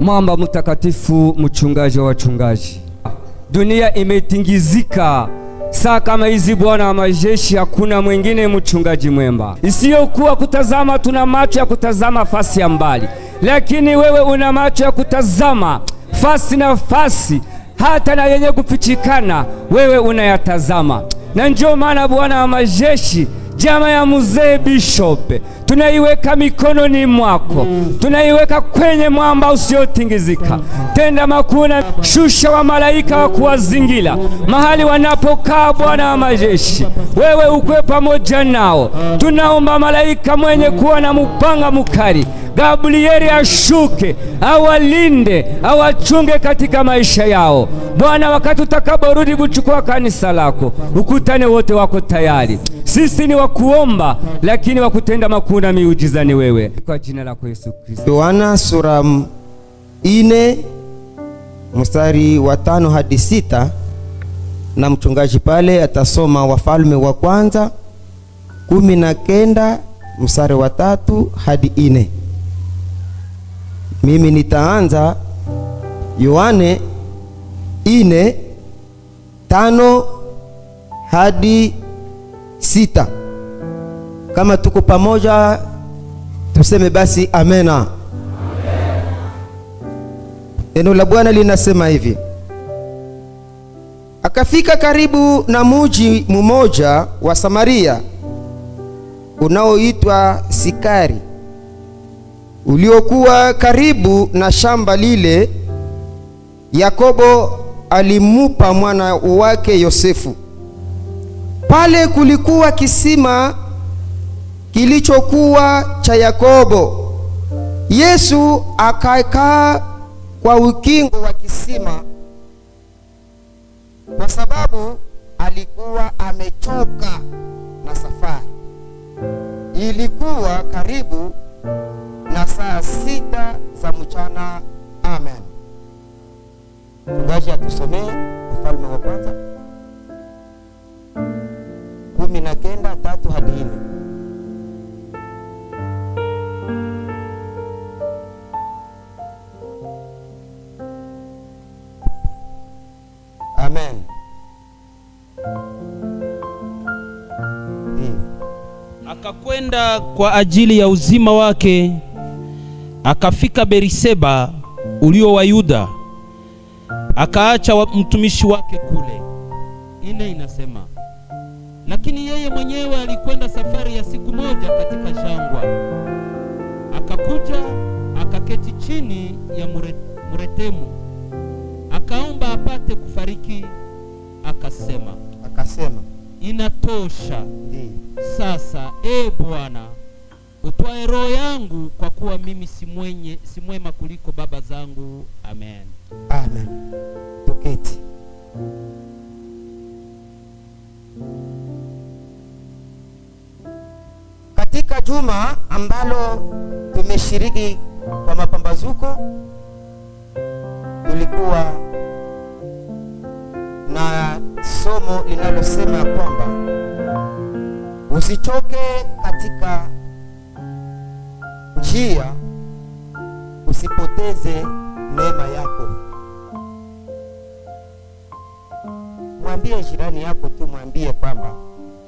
mwamba mtakatifu, mchungaji wa wachungaji. Dunia imetingizika saa kama hizi, Bwana wa majeshi, hakuna mwingine mchungaji mwemba isiyokuwa kutazama. Tuna macho ya kutazama fasi ya mbali, lakini wewe una macho ya kutazama fasi na fasi, hata na yenye kufichikana wewe unayatazama, na ndio maana Bwana wa majeshi Jama ya mzee Bishop tunaiweka mikononi mwako, tunaiweka kwenye mwamba usiotingizika. Tenda makuna, shusha wa malaika wa kuwazingira mahali wanapokaa, Bwana wa majeshi, wewe ukwe pamoja nao. Tunaomba malaika mwenye kuwa na mupanga mukali Gabrieli ashuke awalinde, awachunge katika maisha yao Bwana, wakati utakaporudi kuchukua kanisa lako, ukutane wote wako tayari. Sisi ni wakuomba lakini wakutenda makuu na miujiza ni wewe, kwa jina la Yesu Kristo. Yohana sura ine mstari wa tano hadi sita na mchungaji pale atasoma Wafalme wa kwanza kumi na kenda mstari wa tatu hadi ine. Mimi nitaanza Yohane ine tano hadi sita. Kama tuko pamoja, tuseme basi amena. Neno la Bwana linasema hivi: akafika karibu na muji mmoja wa Samaria unaoitwa Sikari, uliokuwa karibu na shamba lile. Yakobo alimupa mwana wake Yosefu pale kulikuwa kisima kilichokuwa cha Yakobo. Yesu akakaa kwa ukingo wa kisima kwa sababu alikuwa amechoka na safari. Ilikuwa karibu na saa sita za mchana. Amen. Mchungaji atusomee Ufalme wa Kwanza akakwenda kwa ajili ya uzima wake, akafika Beriseba ulio wa Yuda, akaacha wa mtumishi wake kule. Ine inasema lakini yeye mwenyewe alikwenda safari ya siku moja katika shangwa, akakuja akaketi chini ya muretemu, akaomba apate kufariki. Akasema akasema inatosha. Sasa e Bwana, utwae roho yangu, kwa kuwa mimi si mwenye si mwema kuliko baba zangu. Amen, amen. Tuketi. Katika juma ambalo tumeshiriki kwa mapambazuko tulikuwa somo linalosema kwamba usitoke katika njia, usipoteze neema yako. Mwambie jirani yako tu, mwambie kwamba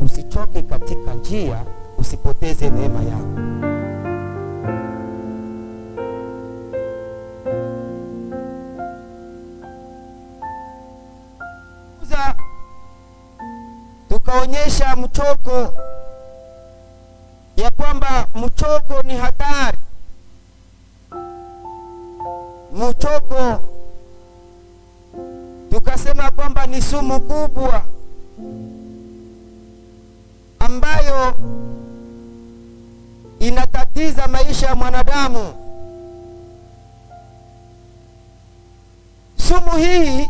usichoke katika njia, usipoteze neema yako. kuonyesha mtoko ya kwamba mtoko ni hatari, mtoko tukasema kwamba ni sumu kubwa ambayo inatatiza maisha ya mwanadamu. Sumu hii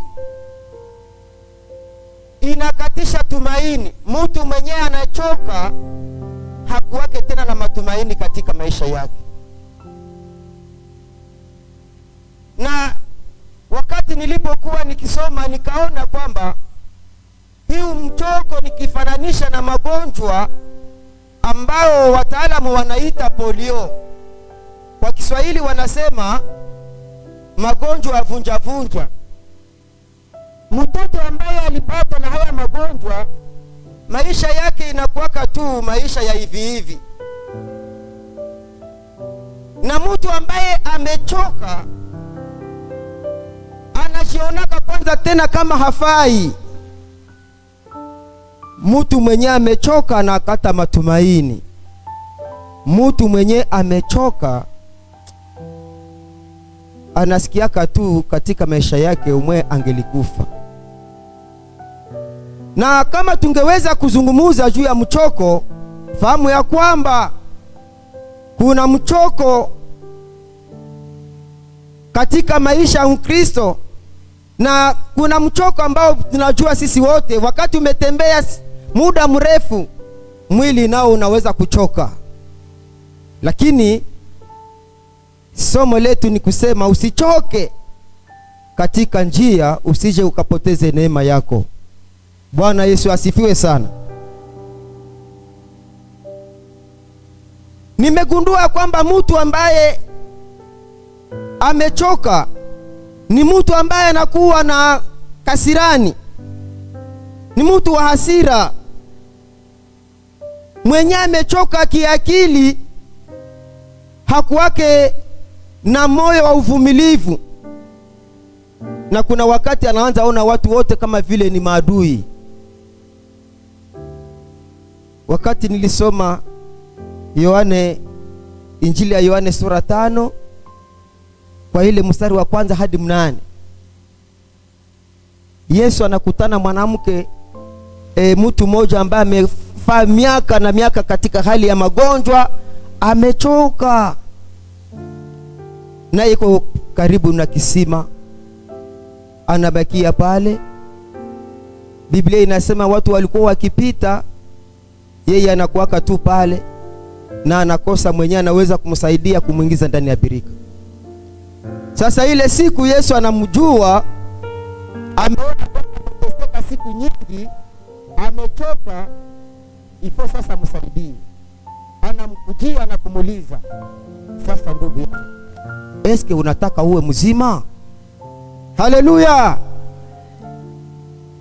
matumaini. Mtu mwenyewe anachoka, hakuwake tena na matumaini katika maisha yake. Na wakati nilipokuwa nikisoma, nikaona kwamba hii mchoko nikifananisha na magonjwa ambao wataalamu wanaita polio, kwa Kiswahili wanasema magonjwa ya vunja vunja. Mtoto ambaye alipata na haya magonjwa, maisha yake inakuwaka tu maisha ya hivi hivi, na mtu ambaye amechoka anashionaka kwanza tena kama hafai. Mtu mwenye amechoka na matumaini, mtu mwenye amechoka anasikiaka tu katika maisha yake umwe angelikufa. Na kama tungeweza kuzungumuza juu ya mchoko, fahamu ya kwamba kuna mchoko katika maisha ya Mkristo, na kuna mchoko ambao tunajua sisi wote, wakati umetembea muda mrefu, mwili nao unaweza kuchoka. Lakini somo letu ni kusema usichoke katika njia, usije ukapoteze neema yako. Bwana Yesu asifiwe sana. Nimegundua kwamba mtu ambaye amechoka ni mtu ambaye anakuwa na kasirani, ni mtu wa hasira, mwenye amechoka kiakili, hakuwake na moyo wa uvumilivu, na kuna wakati anaanza ona watu wote kama vile ni maadui. Wakati nilisoma Yohane, injili ya Yohane sura tano kwa ile mstari wa kwanza hadi mnane, Yesu anakutana mwanamke e, mtu mmoja ambaye amefaa miaka na miaka katika hali ya magonjwa, amechoka na iko karibu na kisima, anabakia pale. Biblia inasema watu walikuwa wakipita yeye anakuwaka tu pale na anakosa mwenyewe anaweza kumsaidia kumwingiza ndani ya birika. Sasa ile siku Yesu anamjua, ameona ameteseka siku nyingi, amechoka, ifo sasa msaidie. Anamkujia na kumuuliza, sasa ndugu yangu, eske unataka uwe mzima? Haleluya!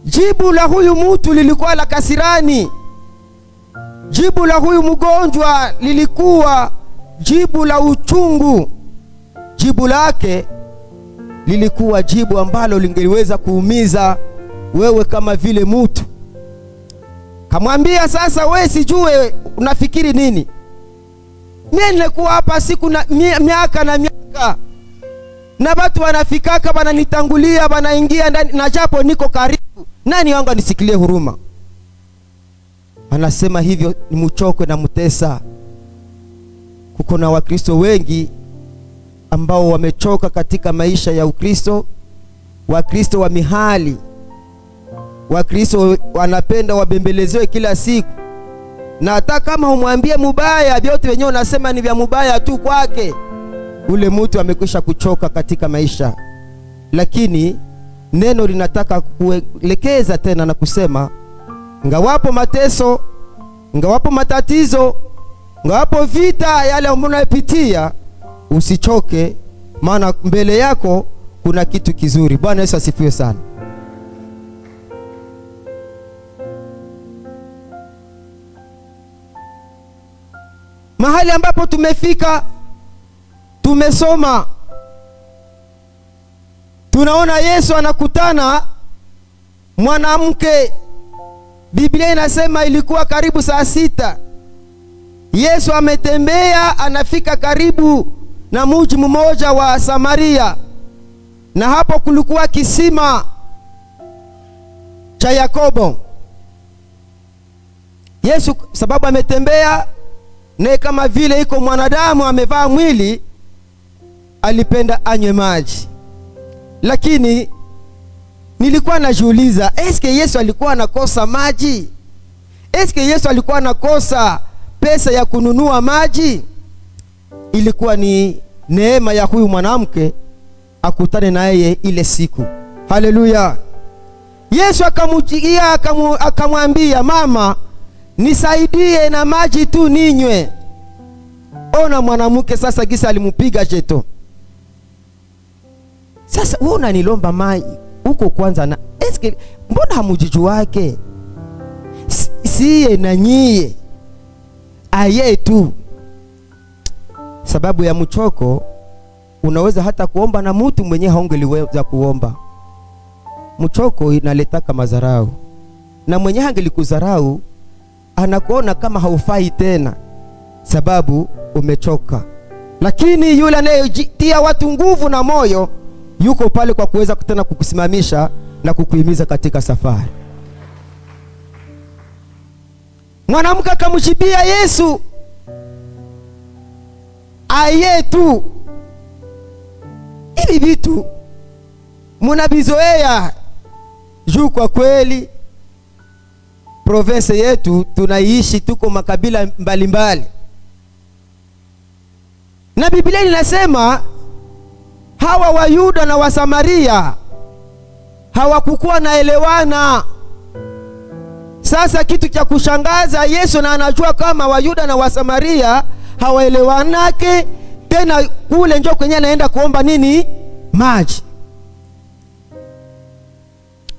Jibu la huyu mtu lilikuwa la kasirani Jibu la huyu mgonjwa lilikuwa jibu la uchungu. Jibu lake lilikuwa jibu ambalo lingeliweza kuumiza wewe kama vile mutu. Kamwambia, sasa we sijue unafikiri nini? Mie nilikuwa hapa siku na miaka na miaka na watu wanafikaka, wananitangulia wanaingia ndani, na japo niko karibu, nani wangu anisikilie huruma? anasema hivyo ni Muchokwe na Mutesa. Kuko na Wakristo wengi ambao wamechoka katika maisha ya Ukristo, Wakristo wa mihali, Wakristo wanapenda wabembelezewe kila siku, na hata kama umwambie mubaya, vyote wenyewe unasema ni vya mubaya tu kwake. Ule mtu amekwisha kuchoka katika maisha, lakini neno linataka kuelekeza tena na kusema ngawapo mateso, ngawapo matatizo, ngawapo vita yale ambayo unayopitia, usichoke, maana mbele yako kuna kitu kizuri. Bwana Yesu asifiwe sana. Mahali ambapo tumefika, tumesoma, tunaona Yesu anakutana mwanamke Biblia inasema ilikuwa karibu saa sita. Yesu ametembea anafika karibu na muji mmoja wa Samaria, na hapo kulikuwa kisima cha Yakobo. Yesu sababu ametembea naye, kama vile iko mwanadamu amevaa mwili, alipenda anywe maji, lakini Nilikuwa najiuliza, eske Yesu alikuwa anakosa maji? Eske Yesu alikuwa anakosa pesa ya kununua maji? Ilikuwa ni neema ya huyu mwanamke akutane na yeye ile siku. Haleluya! Yesu akamujia akamwambia, mama, nisaidie na maji tu ninywe. Ona mwanamke sasa, gisa alimupiga jeto. Sasa wewe unanilomba maji huko kwanza na eske, mbona wake Siye na nyie aye tu, sababu ya mchoko unaweza hata kuomba na mutu mwenye haungeliweza kuomba. Mchoko inaletaka madharau, na mwenye hangelikudharau anakuona kama haufai tena, sababu umechoka. Lakini yule anayetia watu nguvu na moyo yuko pale kwa kuweza tena kukusimamisha na kukuhimiza katika safari. Mwanamke akamjibia Yesu, ayetu hivi vitu munavizoea juu, kwa kweli province yetu tunaishi, tuko makabila mbalimbali mbali. Na Biblia inasema hawa Wayuda na Wasamaria hawakukuwa naelewana. Sasa kitu cha kushangaza, Yesu na anajua kama Wayuda na Wasamaria hawaelewanake tena, kule njo kwenye anaenda kuomba nini? Maji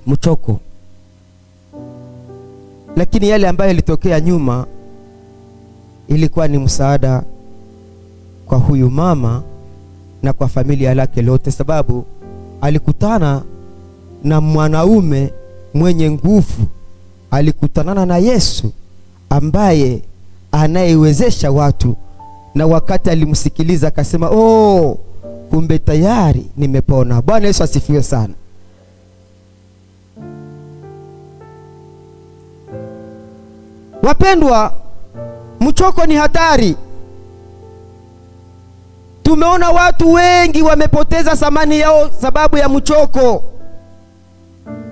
mchoko. Lakini yale ambayo yalitokea nyuma ilikuwa ni msaada kwa huyu mama na kwa familia lake lote, sababu alikutana na mwanaume mwenye nguvu, alikutanana na Yesu ambaye anayewezesha watu. Na wakati alimsikiliza akasema, oh, kumbe tayari nimepona. Bwana Yesu asifiwe sana. Wapendwa, mchoko ni hatari. Tumeona watu wengi wamepoteza thamani yao sababu ya mchoko.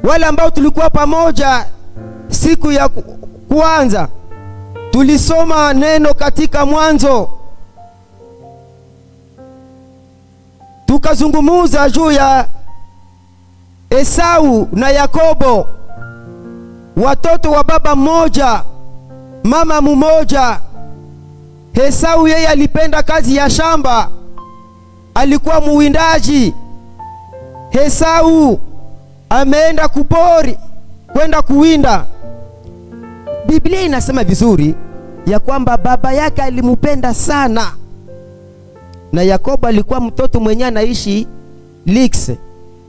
Wale ambao tulikuwa pamoja siku ya kwanza tulisoma neno katika Mwanzo, tukazungumuza juu ya Esau na Yakobo, watoto wa baba mmoja mama mmoja. Esau yeye alipenda kazi ya shamba, alikuwa muwindaji. Esau ameenda kupori kwenda kuwinda. Biblia inasema vizuri ya kwamba baba yake alimupenda sana, na Yakobo alikuwa mtoto mwenye anaishi lix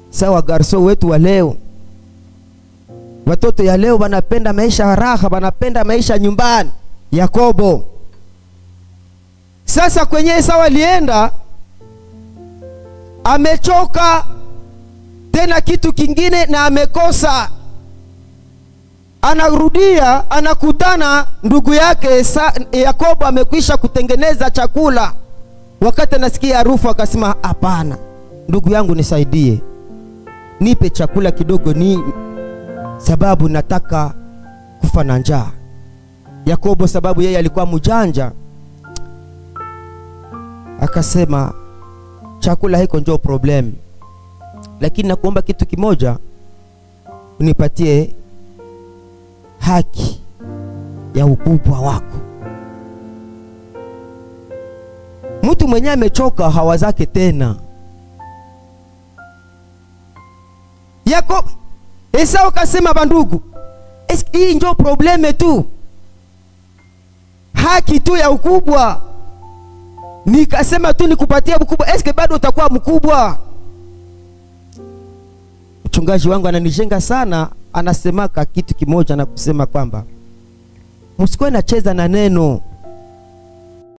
sawa garso wetu wa leo. Watoto ya leo wanapenda maisha ya raha, wanapenda maisha nyumbani. Yakobo sasa kwenye Esau alienda amechoka tena kitu kingine na amekosa, anarudia anakutana ndugu yake Yakobo amekwisha kutengeneza chakula. Wakati anasikia harufu akasema, hapana, ndugu yangu nisaidie, nipe chakula kidogo, ni sababu nataka kufa na njaa. Yakobo, sababu yeye alikuwa mjanja, akasema chakula hiko njo problem, lakini nakuomba kitu kimoja, unipatie haki ya ukubwa wako. Mtu mwenye amechoka hawa zake tena yako. Esau kasema bandugu, hii njo probleme tu, haki tu ya ukubwa nikasema tu nikupatia mkubwa, eske bado utakuwa mkubwa. Mchungaji wangu ananijenga sana, anasemaka kitu kimoja na kusema kwamba msikuwe nacheza na neno